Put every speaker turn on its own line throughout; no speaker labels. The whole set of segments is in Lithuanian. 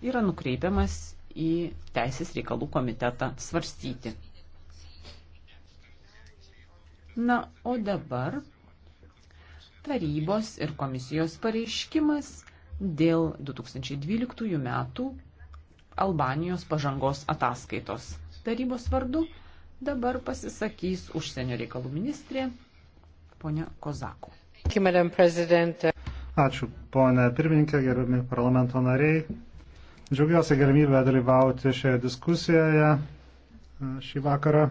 yra nukreipiamas į Teisės reikalų komitetą svarstyti. Na, o dabar tarybos ir komisijos pareiškimas dėl 2012 metų Albanijos pažangos ataskaitos. Tarybos vardu dabar pasisakys užsienio reikalų ministrė ponia Kozakų.
Ačiū, ponia pirmininkė, gerbiami parlamento nariai. Džiaugiuosi galimybę dalyvauti šioje diskusijoje e, šį vakarą.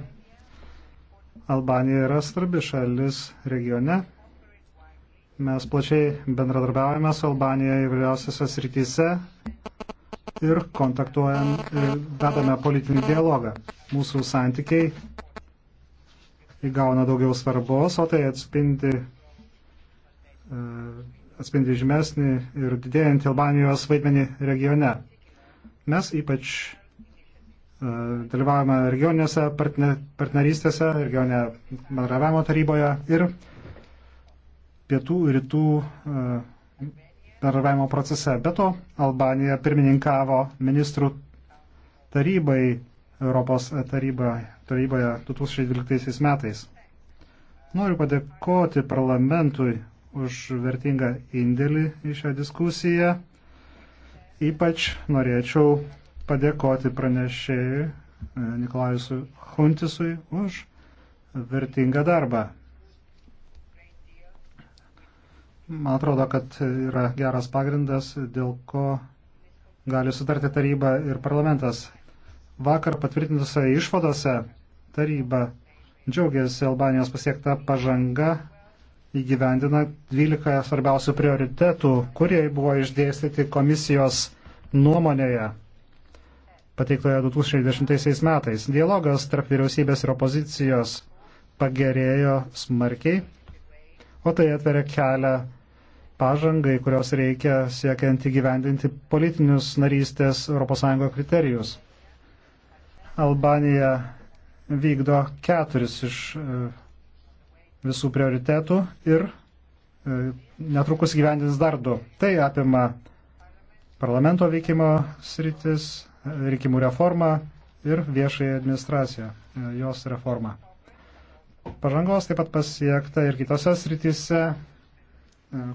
Albanija yra svarbi šalis regione. Mes plačiai bendradarbiavame su Albanija įvairiausiose srityse ir kontaktuojam ir vedame politinį dialogą. Mūsų santykiai įgauna daugiau svarbos, o tai atspindi, e, atspindi žymesnį ir didėjantį Albanijos vaidmenį regione. Mes ypač e, dalyvavome regioninėse partnerystėse, regioninė bendravimo taryboje ir pietų ir rytų e, bendravimo procese. Be to, Albanija pirmininkavo ministrų tarybai Europos taryboje, taryboje 2012 metais. Noriu padėkoti parlamentui už vertingą indėlį į šią diskusiją Ypač norėčiau padėkoti pranešėjui e, Nikolajusui Huntisui už vertingą darbą. Man atrodo, kad yra geras pagrindas, dėl ko gali sutarti taryba ir parlamentas. Vakar patvirtintose išvadose taryba džiaugiasi Albanijos pasiektą pažangą įgyvendina 12 svarbiausių prioritetų, kurie buvo išdėstyti komisijos nuomonėje pateiktoje 2010 metais. Dialogas tarp vyriausybės ir opozicijos pagerėjo smarkiai, o tai atveria kelią pažangai, kurios reikia siekiant įgyvendinti politinius narystės ES kriterijus. Albanija vykdo keturis iš visų prioritetų ir e, netrukus gyvendins dar du. Tai apima parlamento veikimo sritis, e, rinkimų reformą ir viešąją administraciją, e, jos reformą. Pažangos taip pat pasiekta ir kitose srityse,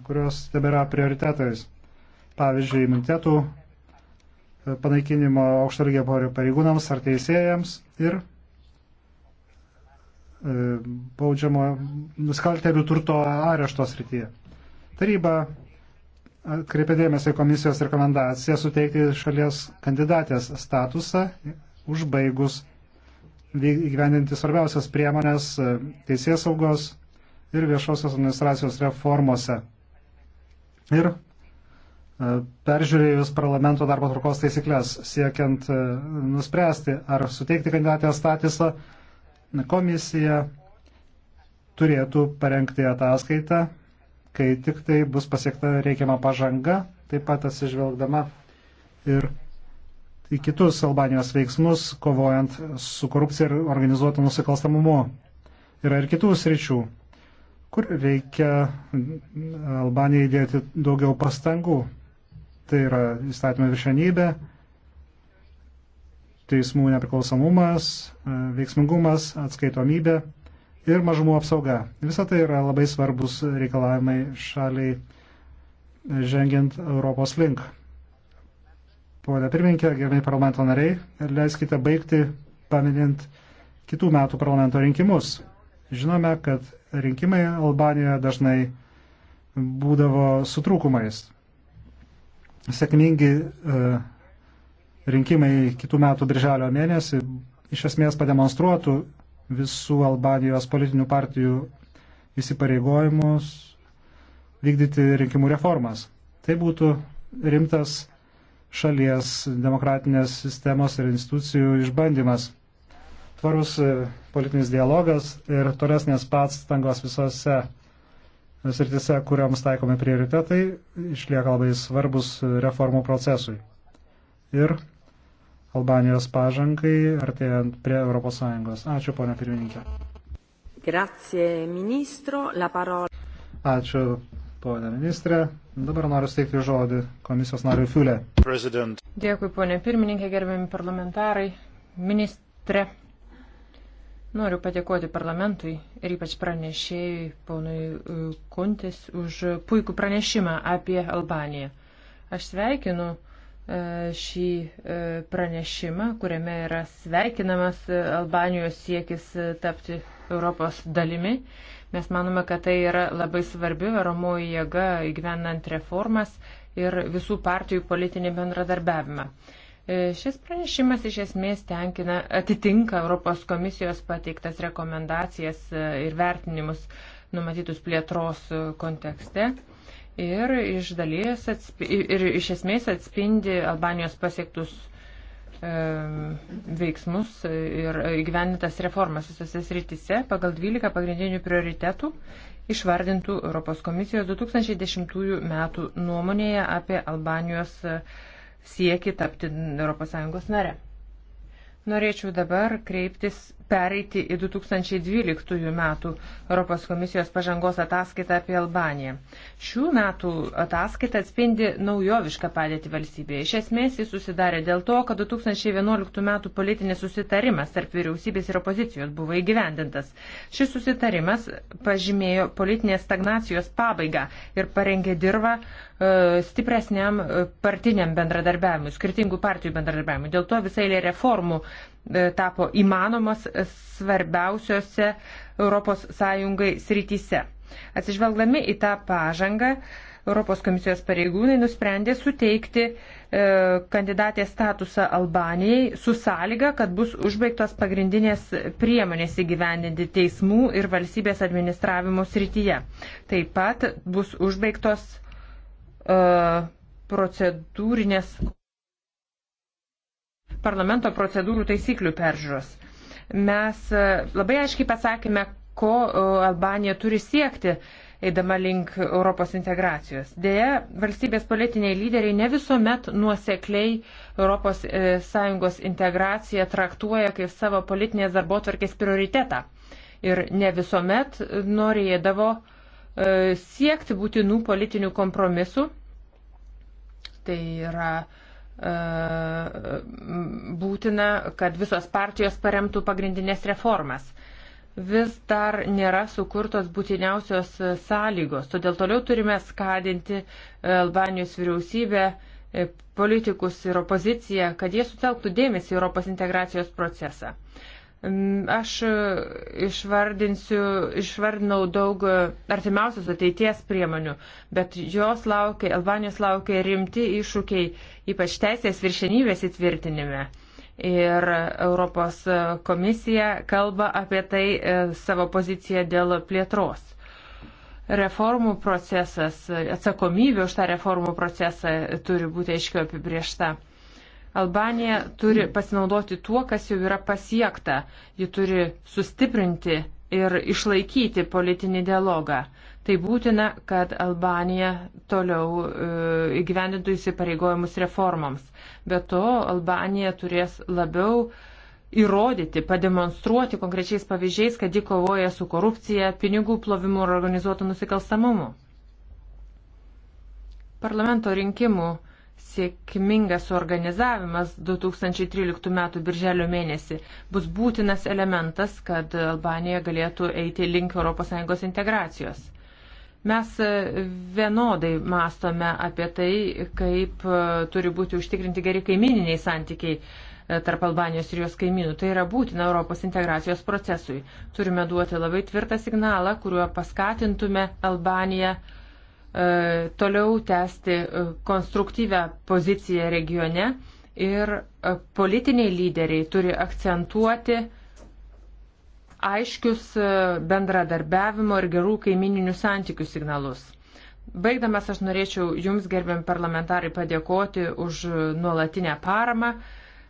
kurios tebėra prioritetais. Pavyzdžiui, imunitetų panaikinimo aukšto lygio pareigūnams ar teisėjams ir E, baudžiamo nusikaltelių turto arešto srityje. Taryba atkreipė e, dėmesį komisijos rekomendaciją suteikti šalies kandidatės statusą užbaigus įgyvendinti svarbiausias priemonės e, teisės saugos ir viešosios administracijos reformose. Ir peržiūrėjus parlamento darbo tvarkos taisyklės, siekiant nuspręsti, ar suteikti kandidatę statusą Komisija turėtų parengti ataskaitą, kai tik tai bus pasiekta reikiama pažanga, taip pat atsižvelgdama ir į kitus Albanijos veiksmus, kovojant su korupcija ir organizuotų nusikalstamumu. Yra ir kitų sričių, kur reikia Albanijai dėti daugiau pastangų. Tai yra įstatymų viršenybė, teismų nepriklausomumas, e, veiksmingumas, atskaitomybė ir mažumų apsauga. Visą tai yra labai svarbus reikalavimai šaliai e, žengiant Europos link. Pone pirmininkė, gerbėjai parlamento nariai, leiskite baigti paminint kitų metų parlamento rinkimus. Žinome, kad rinkimai Albanijoje dažnai būdavo sutrūkumais. Sėkmingi uh, rinkimai kitų metų birželio mėnesį iš esmės pademonstruotų visų Albanijos politinių partijų įsipareigojimus vykdyti rinkimų reformas. Tai būtų rimtas šalies demokratinės sistemos ir institucijų išbandymas. Tvarus e, politinis dialogas ir tolesnės pastangos visose sritise, kuriams taikomi prioritetai, išlieka labai svarbus e, reformų procesui. Ir Albanijos pažangai, artėjant prie ES. Ačiū, ponia pirmininkė.
Grazie, ministro. La parola.
Ačiū, ponia ministrė. Dabar noriu steikti žodį komisijos nariui Fiulė. President.
Dėkui, ponia pirmininkė, gerbiami parlamentarai, ministrė. Noriu padėkoti parlamentui ir ypač pranešėjui, ponui e, Kuntis, už puikų pranešimą apie Albaniją. Aš sveikinu uh, E, šį e, pranešimą, kuriame yra sveikinamas e, Albanijos siekis tapti Europos dalimi. Mes manome, kad tai yra labai svarbi varomoji jėga įgyvenant reformas ir visų partijų politinį bendradarbiavimą. Šis pranešimas iš esmės tenkina, atitinka Europos komisijos pateiktas rekomendacijas ir vertinimus numatytus plėtros kontekste ir iš, dalies atspi, ir iš esmės atspindi Albanijos pasiektus e, veiksmus ir gyvenintas reformas visose srityse pagal 12 pagrindinių prioritetų išvardintų Europos komisijos 2010 metų nuomonėje apie Albanijos sieki tapti ES nare. Norėčiau dabar kreiptis, pereiti į 2012 metų Europos komisijos pažangos ataskaitą apie Albaniją. Šių metų ataskaita atspindi naujovišką padėtį valstybėje. Iš esmės jis susidarė dėl to, kad 2011 metų politinis susitarimas tarp vyriausybės ir opozicijos buvo įgyvendintas. Šis susitarimas pažymėjo politinės stagnacijos pabaigą ir parengė dirbą E, stipresniam e, partiniam bendradarbiavimui, skirtingų partijų bendradarbiavimui. Dėl to visai lė reformų e, tapo įmanomas svarbiausiose ES srityse. Atsižvelgdami į tą pažangą, Europos komisijos pareigūnai nusprendė suteikti e, kandidatės statusą Albanijai su sąlyga, kad bus užbaigtos pagrindinės priemonės įgyvendinti teismų ir valstybės administravimo srityje. Taip pat bus užbaigtos E, procedūrinės parlamento procedūrų taisyklių peržiūros. Mes e, labai aiškiai pasakėme, ko e, Albanija turi siekti, eidama link Europos integracijos. Deja, valstybės politiniai lyderiai ne visuomet nuosekliai ES integraciją traktuoja kaip savo politinės darbo tvarkės prioritetą. Ir ne visuomet norėdavo uh, E, siekti būtinų politinių kompromisų. Tai yra e, būtina, kad visos partijos paremtų pagrindinės reformas. Vis dar nėra sukurtos būtiniausios sąlygos, todėl toliau turime skadinti Albanijos vyriausybę, e, politikus ir opoziciją, kad jie sutelktų dėmesį Europos integracijos procesą. Aš e, išvardinau daug e, artimiausios ateities priemonių, bet jos laukia, Albanijos laukia rimti iššūkiai, ypač teisės viršenybės įtvirtinime. Ir Europos e, komisija kalba apie tai savo poziciją dėl plėtros. Reformų procesas, atsakomybė už tą reformų procesą turi būti aiškiai apibriešta. Albanija turi pasinaudoti tuo, kas jau yra pasiekta. Ji turi sustiprinti ir išlaikyti politinį dialogą. Tai būtina, kad Albanija toliau e, įgyvendintų įsipareigojimus reformoms. Be to, Albanija turės labiau įrodyti, pademonstruoti konkrečiais pavyzdžiais, kad ji kovoja su korupcija, pinigų plovimu ir organizuotu nusikalstamumu. Parlamento rinkimų sėkmingas organizavimas 2013 m. birželio mėnesį bus būtinas elementas, kad Albanija galėtų eiti link ES integracijos. Mes e, vienodai mastome apie tai, kaip e, turi būti užtikrinti geri kaimininiai santykiai e, tarp Albanijos ir jos kaimynų. Tai yra būtina Europos integracijos procesui. Turime duoti labai tvirtą signalą, kuriuo paskatintume Albaniją uh, toliau tęsti e, konstruktyvę poziciją regione ir e, politiniai lyderiai turi akcentuoti aiškius e, bendradarbiavimo ir gerų kaimininių santykių signalus. Baigdamas aš norėčiau Jums, gerbiam parlamentarai, padėkoti už nuolatinę paramą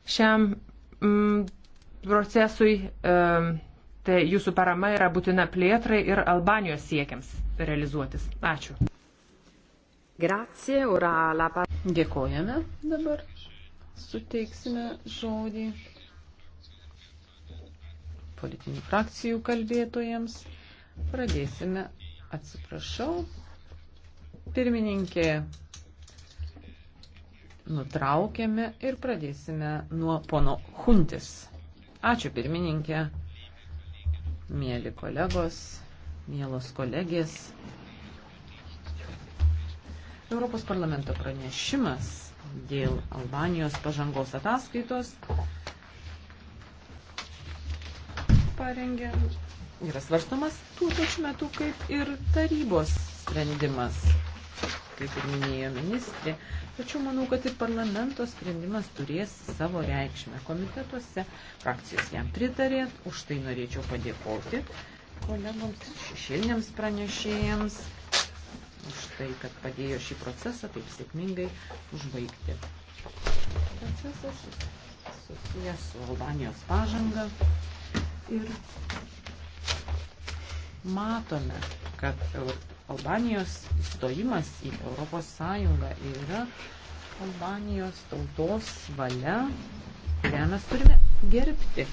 šiam mm, procesui. E, tai jūsų parama yra būtina plėtrai ir Albanijos siekiams realizuotis. Ačiū.
Grazie, ora la Dėkojame dabar. Suteiksime žodį politinių frakcijų kalbėtojams. Pradėsime, atsiprašau, pirmininkė, nutraukėme ir pradėsime nuo pono Huntis. Ačiū pirmininkė, mėly kolegos, mėlos kolegės. Europos parlamento pranešimas dėl Albanijos pažangos ataskaitos parengė yra svarstomas tuo pačiu metu kaip ir tarybos sprendimas, kaip ir minėjo ministrė. Tačiau manau, kad ir parlamento sprendimas turės savo reikšmę komitetuose. Frakcijos jam pritarė, už tai norėčiau padėkoti kolegoms ir šešėliniams pranešėjams už tai, kad padėjo šį procesą taip sėkmingai užbaigti. Procesas susijęs su Albanijos pažanga ir matome, kad Albanijos įstojimas į Europos Sąjungą yra Albanijos tautos valia, kurią mes turime gerbti.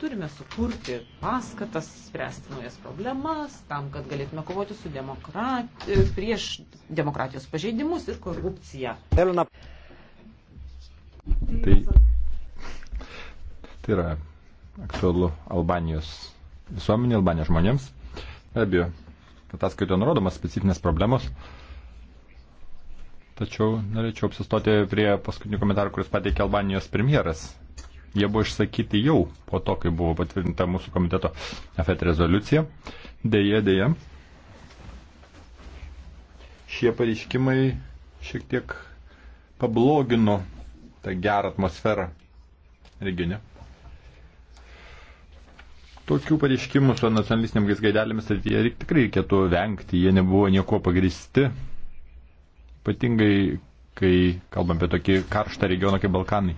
Turime sukurti paskatas, spręsti naujas problemas, tam, kad galėtume kovoti su demokrati, prieš demokratijos pažeidimus ir korupciją. Elena.
Tai,
tai yra aktualu Albanijos visuomenė, Albanijos žmonėms. Be abejo, ataskaitoje nurodomas specifinės problemos. Tačiau norėčiau apsistoti prie paskutinių komentarų, kuris pateikė Albanijos premjeras Jie buvo išsakyti jau po to, kai buvo patvirtinta mūsų komiteto FET rezoliucija. Deja, deja, šie pareiškimai šiek tiek pablogino tą gerą atmosferą regione. Tokių pareiškimų su nacionalistinėmis gaidelėmis ateityje tai tikrai reikėtų vengti, jie nebuvo nieko pagristi. Ypatingai, kai kalbam apie tokį karštą regioną kaip Balkanai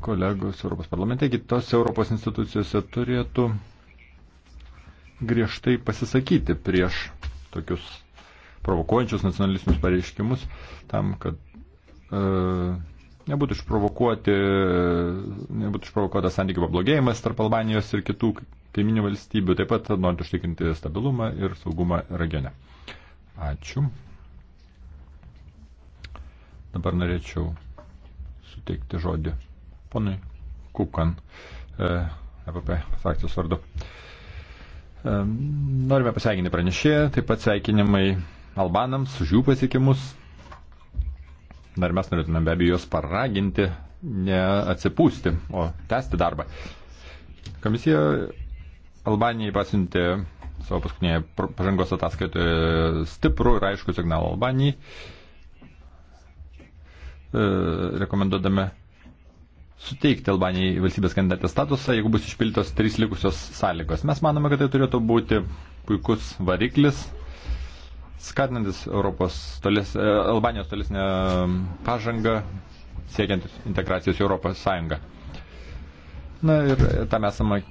kolegos Europos parlamente, kitos Europos institucijose turėtų griežtai pasisakyti prieš tokius provokuojančius nacionalistinius pareiškimus, tam, kad e, nebūtų, išprovokuoti, nebūtų išprovokuotas santykių pablogėjimas tarp Albanijos ir kitų kaiminių valstybių, taip pat norint užtikrinti stabilumą ir saugumą regione. Ačiū. Dabar norėčiau suteikti žodį ponui Kukan, EPP e frakcijos vardu. E, norime pasveikinti pranešėją, taip pat sveikinimai Albanams už jų pasiekimus. Dar mes norėtume be abejo juos paraginti, neatsipūsti, o tęsti darbą. Komisija Albanijai pasiuntė savo paskutinėje pažangos ataskaitoje stiprų ir aišku signalą Albanijai E, rekomenduodame suteikti Albanijai valstybės kandidatės statusą, jeigu bus išpildytos trys likusios sąlygos. Mes manome, kad tai turėtų būti puikus variklis, skatinantis Europos tolės, e, Albanijos tolesnę pažangą, siekiant integracijos į Europos Sąjungą. Na ir tam esama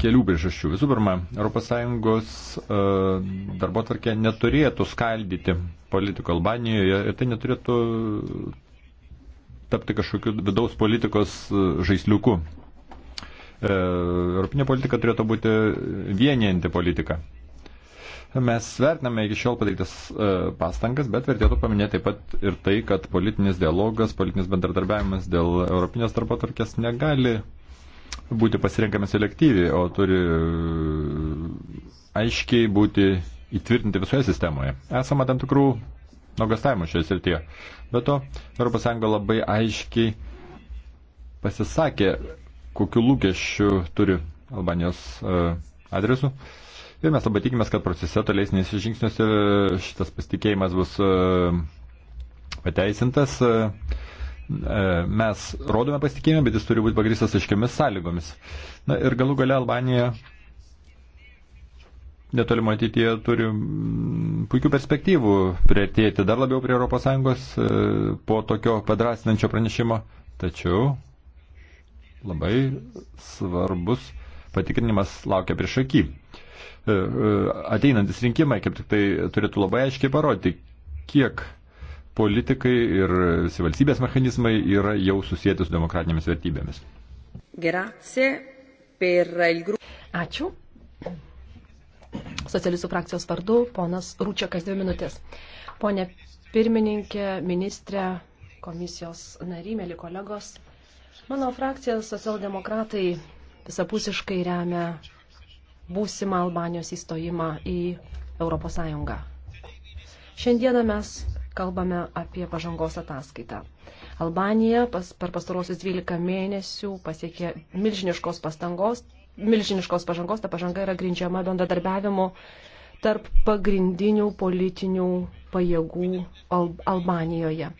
kelių priežasčių. Visų pirma, ES e, darbo tvarkė neturėtų skaldyti politiko Albanijoje ir tai neturėtų tapti kažkokiu vidaus politikos e, žaisliuku. E, Europinė politika turėtų būti vienijanti politika. Mes vertiname iki šiol padarytas e, pastangas, bet vertėtų paminėti taip pat ir tai, kad politinis dialogas, politinis bendradarbiavimas dėl Europinės darbotvarkės negali būti pasirenkamas selektyviai, o turi aiškiai būti įtvirtinti visoje sistemoje. Esama tam tikrų nuogastavimų šioje srityje. Be to, ES labai aiškiai pasisakė, kokiu lūkesčiu turi Albanijos e, adresu. Ir mes labai tikimės, kad procese tolesnės žingsniuose šitas pasitikėjimas bus e, pateisintas. E, mes rodome pasitikėjimą, bet jis turi būti pagristas aiškiamis sąlygomis. Na ir galų gale Albanija netolimo ateityje turi mm, puikių perspektyvų prieartėti dar labiau prie ES e, po tokio padrasinančio pranešimo. Tačiau labai svarbus patikrinimas laukia prieš akį. E, e, ateinantis rinkimai kaip tik tai turėtų labai aiškiai parodyti, kiek politikai ir valstybės mechanizmai yra jau susijęti su demokratinėmis vertybėmis.
Grazie per il gruppo. Ačiū. Socialistų frakcijos vardu, ponas Rūčiakas, dvi minutės. Pone pirmininkė, ministrė, komisijos nariai, mėly kolegos, mano frakcija socialdemokratai visapusiškai remia būsimą Albanijos įstojimą į ES. Šiandieną mes kalbame apie pažangos ataskaitą. Albanija pas, per pastarosius 12 mėnesių pasiekė milžiniškos pastangos milžiniškos pažangos, ta pažanga yra grindžiama bendradarbiavimu tarp pagrindinių politinių pajėgų Al Albanijoje.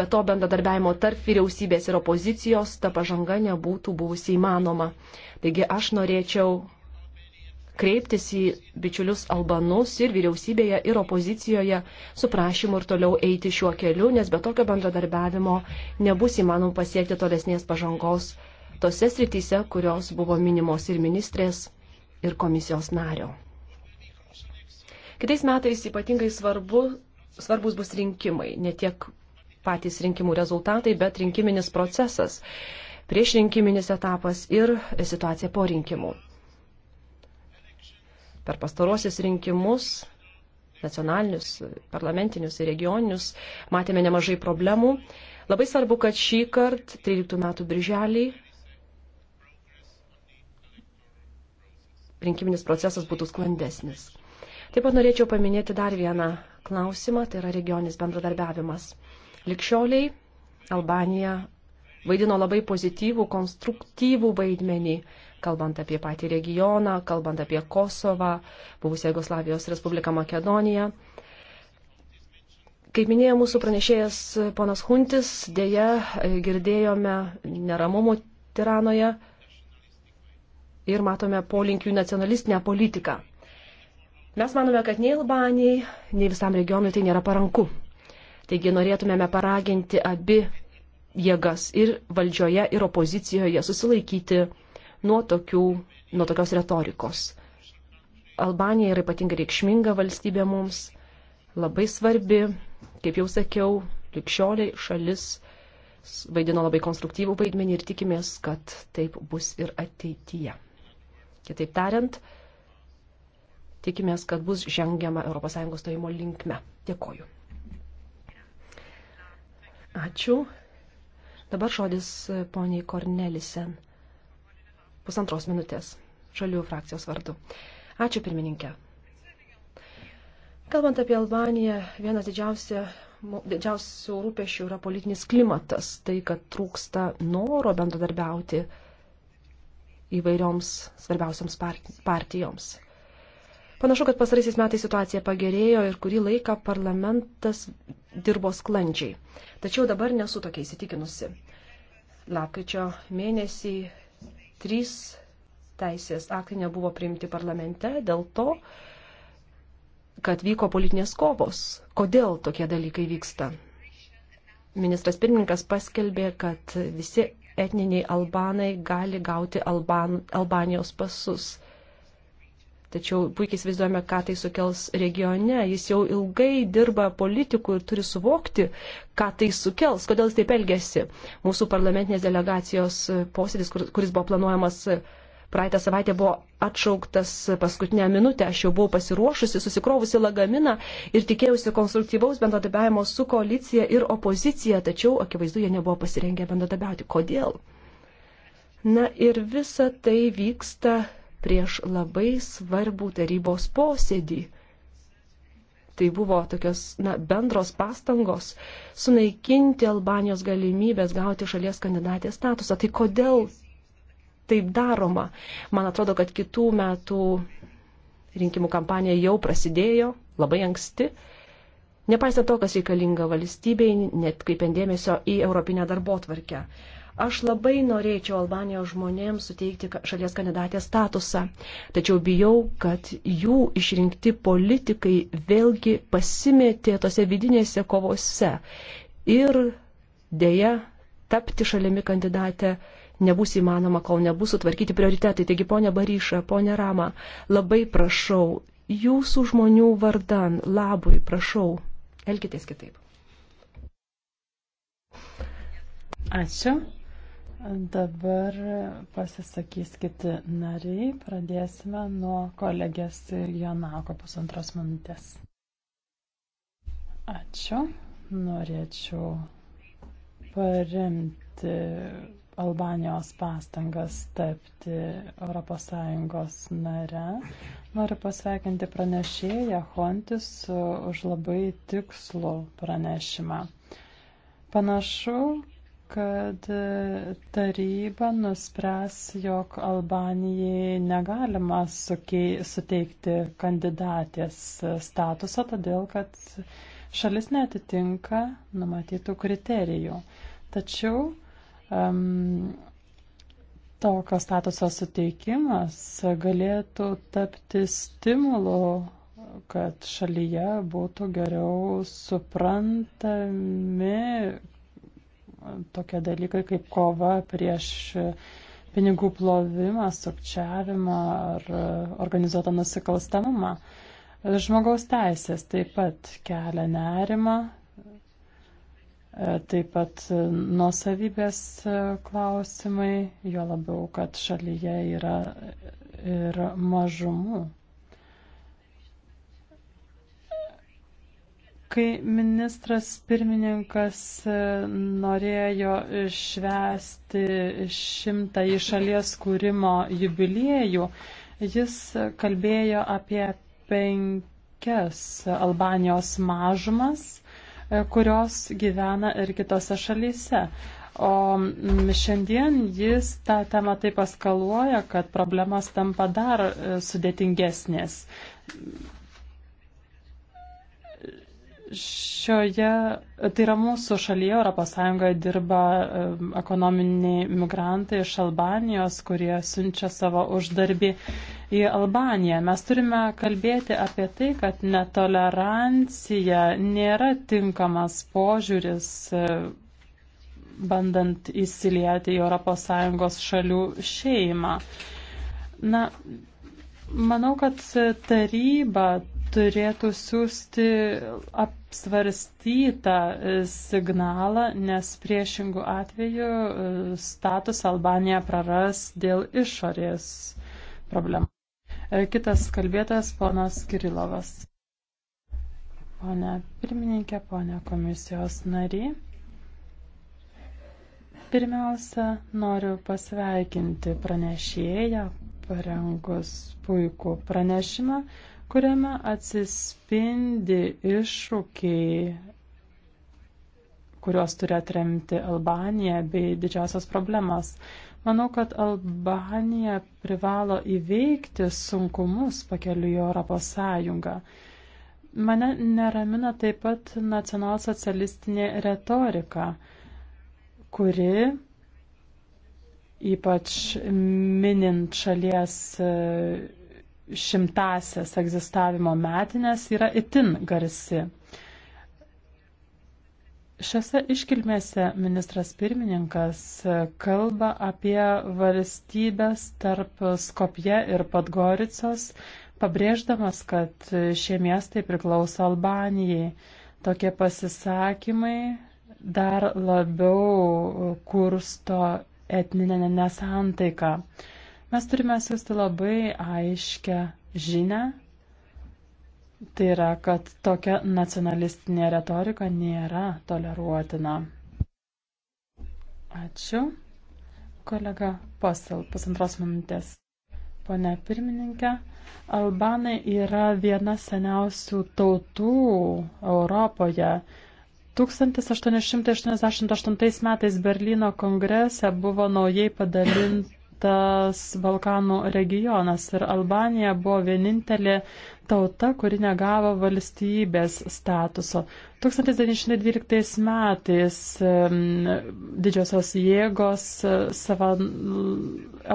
Be to bendradarbiavimo tarp vyriausybės ir opozicijos ta pažanga nebūtų buvusi įmanoma. Taigi aš norėčiau kreiptis į bičiulius Albanus ir vyriausybėje ir opozicijoje su prašymu ir toliau eiti šiuo keliu, nes be tokio bendradarbiavimo nebus įmanoma pasiekti tolesnės pažangos tose srityse, kurios buvo minimos ir ministrės, ir komisijos nario. Kitais metais ypatingai svarbu, svarbus bus rinkimai, ne tiek patys rinkimų rezultatai, bet rinkiminis procesas, priešrinkiminis etapas ir situacija po rinkimų. Per pastarosius rinkimus, nacionalinius, parlamentinius ir regioninius, matėme nemažai problemų. Labai svarbu, kad šį kartą, 13 metų birželį, rinkiminis procesas būtų sklandesnis. Taip pat norėčiau paminėti dar vieną klausimą, tai yra regioninis bendradarbiavimas. Likščioliai Albanija vaidino labai pozityvų, konstruktyvų vaidmenį, kalbant apie patį regioną, kalbant apie Kosovą, buvusią Jugoslavijos Respubliką Makedoniją. Kaip minėjo mūsų pranešėjas ponas Huntis, dėja girdėjome neramumų Tiranoje, ir matome polinkių nacionalistinę politiką. Mes manome, kad nei Albanijai, nei visam regionui tai nėra paranku. Taigi norėtumėme paraginti abi jėgas ir valdžioje, ir opozicijoje susilaikyti nuo, tokių, nuo tokios retorikos. Albanija yra ypatingai reikšminga valstybė mums, labai svarbi, kaip jau sakiau, likščioliai šalis vaidino labai konstruktyvų vaidmenį ir tikimės, kad taip bus ir ateityje. Kitaip tariant, tikimės, kad bus žengiama ES stojimo linkme. Dėkoju. Ačiū. Dabar žodis poniai Kornelisen. Pusantros minutės. Žaliųjų frakcijos vardu. Ačiū pirmininkė. Kalbant apie Albaniją, vienas didžiausia, didžiausių rūpešių yra politinis klimatas. Tai, kad trūksta noro bendradarbiauti įvairioms svarbiausioms partijoms. Panašu, kad pasaraisiais metais situacija pagerėjo ir kurį laiką parlamentas dirbo sklandžiai. Tačiau dabar nesu tokia įsitikinusi. Lapkričio mėnesį trys teisės aktai nebuvo priimti parlamente dėl to, kad vyko politinės kovos. Kodėl tokie dalykai vyksta? Ministras pirmininkas paskelbė, kad visi etniniai albanai gali gauti Alban, Albanijos pasus. Tačiau puikiai įsivaizduojame, ką tai sukels regione. Jis jau ilgai dirba politikų ir turi suvokti, ką tai sukels, kodėl jis taip elgesi. Mūsų parlamentinės delegacijos posėdis, kuris buvo planuojamas praeitą savaitę buvo atšauktas paskutinę minutę, aš jau buvau pasiruošusi, susikrovusi lagaminą ir tikėjausi konstruktyvaus bendradarbiavimo su koalicija ir opozicija, tačiau akivaizdu, jie nebuvo pasirengę bendradarbiauti. Kodėl? Na ir visa tai vyksta prieš labai svarbų tarybos posėdį. Tai buvo tokios na, bendros pastangos sunaikinti Albanijos galimybės gauti šalies kandidatės statusą. Tai kodėl taip daroma. Man atrodo, kad kitų metų rinkimų kampanija jau prasidėjo labai anksti. Nepaisant to, kas reikalinga valstybei, net kaip endėmėsio į Europinę darbo tvarkę. Aš labai norėčiau Albanijos žmonėms suteikti šalies kandidatės statusą, tačiau bijau, kad jų išrinkti politikai vėlgi pasimėtė tose vidinėse kovose ir dėja tapti šalimi kandidatė uh, nebus įmanoma, kol nebus sutvarkyti prioritetai. Taigi, ponia Baryša, ponia Rama, labai prašau, jūsų žmonių vardan, labui, prašau, elkitės kitaip.
Ačiū. Dabar pasisakys kiti nariai. Pradėsime nuo kolegės Jonako pusantros minutės. Ačiū. Norėčiau paremti Albanijos pastangas tapti ES nare. Noriu pasveikinti pranešėją Hontis už labai tikslų pranešimą. Panašu, kad taryba nuspręs, jog Albanijai negalima sukei, suteikti kandidatės statusą, todėl kad šalis netitinka numatytų kriterijų. Tačiau um, tokio statuso suteikimas galėtų tapti stimulu, kad šalyje būtų geriau suprantami tokie dalykai kaip kova prieš pinigų plovimą, sukčiavimą ar organizuotą nusikalstamumą. Žmogaus teisės taip pat kelia nerimą, E, taip pat e, nuosavybės e, klausimai, jo labiau, kad šalyje yra ir mažumų. Kai ministras pirmininkas norėjo švęsti šimtą į šalies kūrimo jubiliejų, jis kalbėjo apie penkias Albanijos mažumas E, kurios gyvena ir kitose šalyse. O mm, šiandien jis tą temą taip paskaluoja, kad problemas tampa dar e, sudėtingesnės. Šioje, tai yra mūsų šalyje, ES dirba e, ekonominiai migrantai iš Albanijos, kurie siunčia savo uždarbį į Albaniją. Mes turime kalbėti apie tai, kad netolerancija nėra tinkamas požiūris e, bandant įsilieti į ES šalių šeimą. Na, manau, kad taryba turėtų siūsti apsvarstytą e, signalą, nes priešingų atveju e, status Albanija praras dėl išorės problemų. E, kitas kalbėtas ponas Kirilovas. Pone pirmininkė, pone komisijos nary. Pirmiausia, noriu pasveikinti pranešėją, parengus puikų pranešimą kuriame atsispindi iššūkiai, kuriuos turi atremti Albanija bei didžiausias problemas. Manau, kad Albanija privalo įveikti sunkumus pakeliu į Europos Sąjungą. Mane neramina taip pat nacionalsocialistinė retorika, kuri ypač minint šalies šimtasias egzistavimo metinės yra itin garsi. Šiose iškilmėse ministras pirmininkas kalba apie valstybės tarp Skopje ir Podgoricos, pabrėždamas, kad šie miestai priklauso Albanijai. Tokie pasisakymai dar labiau kursto etninę nesantaiką. Ne Mes turime siūsti labai aiškę žinę. Tai yra, kad tokia nacionalistinė retorika nėra toleruotina. Ačiū. Kolega Posel, pusantros minutės. Pone pirmininkė, Albanai yra viena seniausių tautų Europoje. 1888 metais Berlyno kongrese buvo naujai padalinti tas Balkanų regionas ir Albanija buvo vienintelė tauta, kuri negavo valstybės statuso. 1912 metais didžiosios jėgos e, savo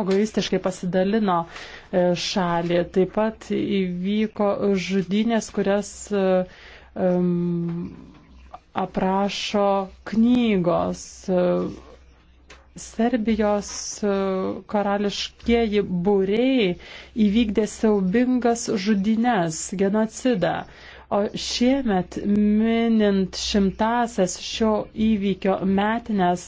egoistiškai pasidalino e, šalį. Taip pat įvyko žudynės, kurias um, aprašo knygos. Serbijos e, karališkieji būrei įvykdė siaubingas žudines, genocidą. O šiemet, minint šimtasias šio įvykio metinės,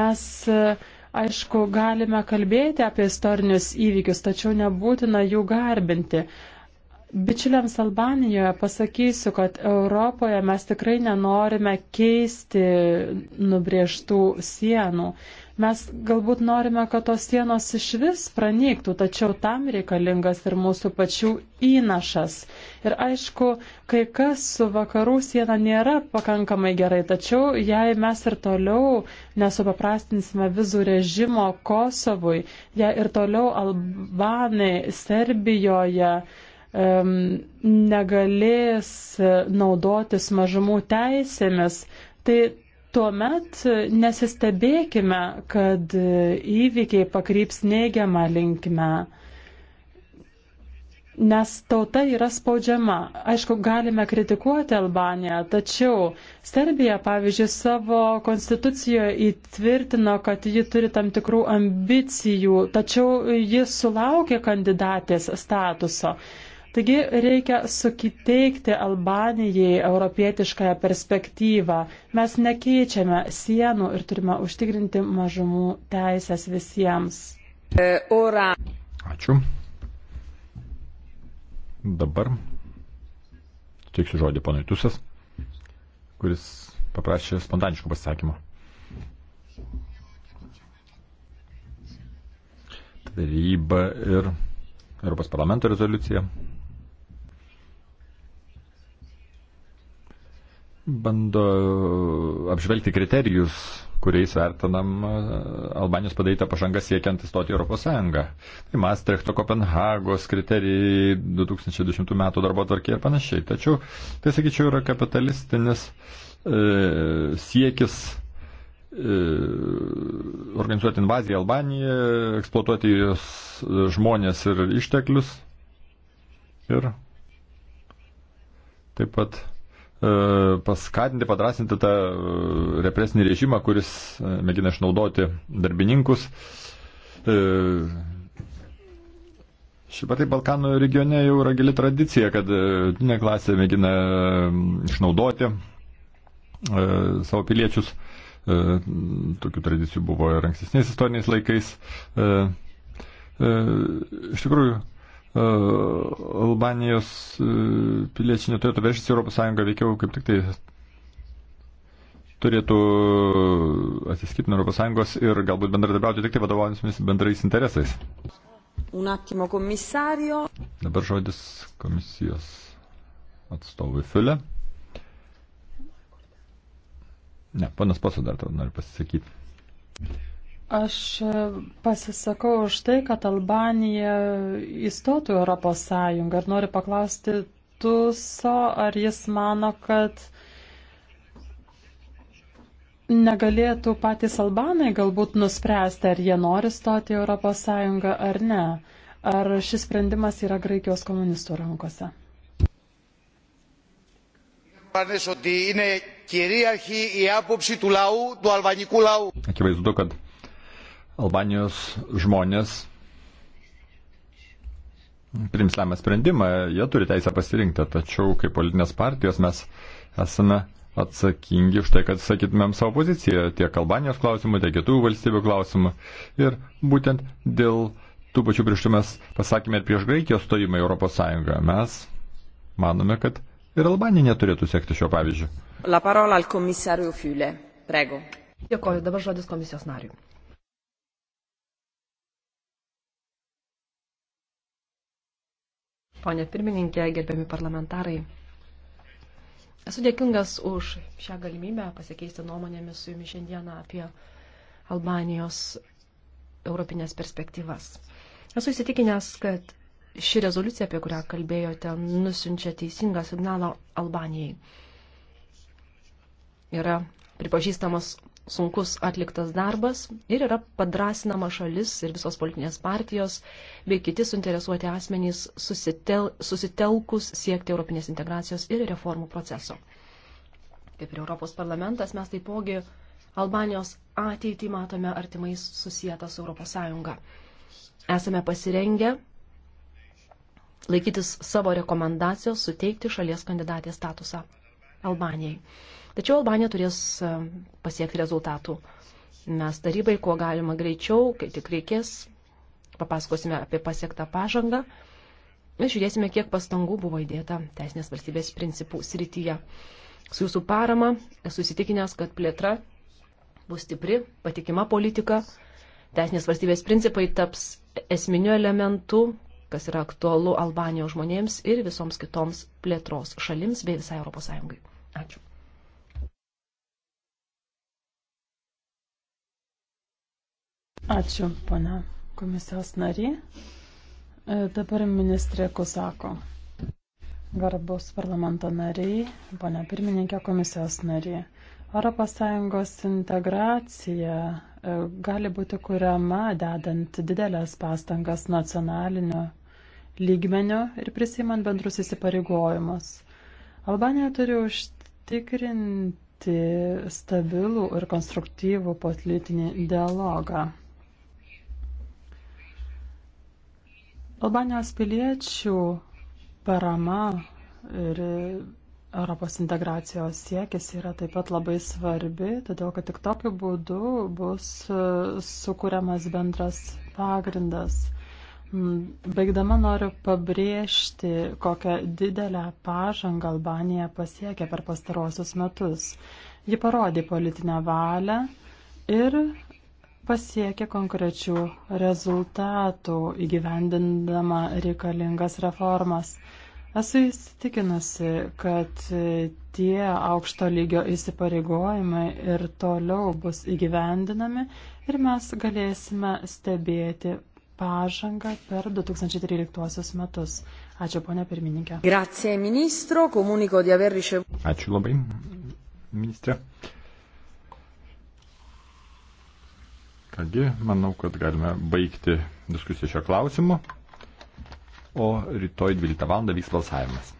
mes, e, aišku, galime kalbėti apie istorinius įvykius, tačiau nebūtina jų garbinti. Bičiuliams Albanijoje pasakysiu, kad Europoje mes tikrai nenorime keisti nubriežtų sienų. Mes galbūt norime, kad tos sienos iš vis pranyktų, tačiau tam reikalingas ir mūsų pačių įnašas. Ir aišku, kai kas su vakarų siena nėra pakankamai gerai, tačiau jei mes ir toliau nesupaprastinsime vizų režimo Kosovui, jei ir toliau Albanai Serbijoje, negalės naudotis mažumų teisėmis, tai tuomet nesistebėkime, kad įvykiai pakryps neigiamą linkmę. Nes tauta yra spaudžiama. Aišku, galime kritikuoti Albaniją, tačiau Serbija, pavyzdžiui, savo konstitucijoje įtvirtino, kad ji turi tam tikrų ambicijų, tačiau ji sulaukė kandidatės statuso. Taigi reikia sukiteikti Albanijai europietiškąją perspektyvą. Mes nekeičiame sienų ir turime užtikrinti mažumų teisės visiems.
E, ora.
Ačiū. Dabar teiksiu žodį panui Tusas, kuris paprašė spontaniško pasisakymo. Taryba ir Europos parlamento rezoliucija bando uh, apžvelgti kriterijus, kuriais vertinam uh, Albanijos padarytą pažangą siekiant įstoti Europos Sąjungą. Tai Maastrichto, Kopenhagos kriterijai 2010 metų darbo tvarkė ir panašiai. Tačiau tai, sakyčiau, yra kapitalistinis e, siekis e, organizuoti invaziją Albaniją, eksploatuoti jos e, žmonės ir išteklius. Ir taip pat E, paskatinti, padrasinti tą e, represinį režimą, kuris e, mėgina išnaudoti darbininkus. Šiaip tai Balkanų regione jau yra gili tradicija, kad vidutinė klasė mėgina išnaudoti savo piliečius. Tokių tradicijų buvo ir ankstesniais istoriniais laikais. Iš tikrųjų, E, Albanijos e, piliečiai neturėtų verštis Europos Sąjungą, veikiau kaip tik tai turėtų atsiskirti nuo Europos Sąjungos ir galbūt bendradarbiauti tik tai vadovaujantis bendrais interesais.
Un attimo komisario.
Dabar žodis komisijos atstovui Fiule. Ne, panas Paso dar noriu pasisakyti.
Aš pasisakau už tai, kad Albanija įstotų Europos Sąjungą ir noriu paklausti Tuso, ar jis mano, kad negalėtų patys Albanai galbūt nuspręsti, ar jie nori stoti į Europos Sąjungą ar ne. Ar šis sprendimas yra Graikijos komunistų rankose?
Akivaizdu, kad Albanijos žmonės priims lemą sprendimą, jie turi teisę pasirinkti, tačiau kaip politinės partijos mes esame atsakingi už tai, kad sakytumėm savo poziciją tiek Albanijos klausimų, tiek kitų valstybių klausimų. Ir būtent dėl tų pačių prieštų mes pasakėme ir prieš Graikijos stojimą į Europos Sąjungą. Mes manome, kad ir Albanija neturėtų sekti šio pavyzdžio.
La parola al komisariu Fiule. Prego. Dėkoju, dabar žodis komisijos nariui. Pone pirmininkė, gerbiami parlamentarai, esu dėkingas už šią galimybę pasikeisti nuomonėmis su jumis šiandieną apie Albanijos europinės perspektyvas. Esu įsitikinęs, kad ši rezoliucija, apie kurią kalbėjote, nusinčia teisingą signalą Albanijai. Yra pripažįstamas sunkus atliktas darbas ir yra padrasinama šalis ir visos politinės partijos bei kiti suinteresuoti asmenys susitel, susitelkus siekti europinės integracijos ir reformų proceso. Kaip ir Europos parlamentas, mes taipogi Albanijos ateitį matome artimai susijęta su Europos Sąjunga. Esame pasirengę laikytis savo rekomendacijos suteikti šalies kandidatės statusą Albanijai. Tačiau Albanija turės e, pasiekti rezultatų. Mes tarybai, kuo galima greičiau, kai tik reikės, papasakosime apie pasiektą pažangą ir žiūrėsime, kiek pastangų buvo įdėta teisinės valstybės principų srityje. Su jūsų parama esu įsitikinęs, kad plėtra bus stipri, patikima politika, teisinės valstybės principai taps esminiu elementu, kas yra aktualu Albanijos žmonėms ir visoms kitoms plėtros šalims bei visai ES. Ačiū.
Ačiū, pana komisijos nariai. E, dabar ministrė Kusako. Garbus parlamento nariai, ponia pirmininkė komisijos nariai. ES integracija e, gali būti kuriama dedant didelės pastangas nacionalinio lygmenio ir prisimant bendrus įsipareigojimus. Albanija turi užtikrinti stabilų ir konstruktyvų politinį dialogą. Albanijos piliečių parama ir Europos integracijos siekis yra taip pat labai svarbi, todėl kad tik tokiu būdu bus e, sukūriamas bendras pagrindas. Baigdama noriu pabrėžti, kokią didelę pažangą Albanija pasiekė per pastarosius metus. Ji parodė politinę valią ir pasiekė konkrečių rezultatų įgyvendindama reikalingas reformas. Esu įsitikinusi, kad tie aukšto lygio įsipareigojimai ir toliau bus įgyvendinami ir mes galėsime stebėti pažangą per 2013 metus. Ačiū, ponė pirmininkė. Grazie,
ministro. Komuniko di aver ricevuto.
Ačiū labai, ministrė. Kągi, manau, kad galime baigti diskusiją šio klausimu, o rytoj 12 val. vyks balsavimas.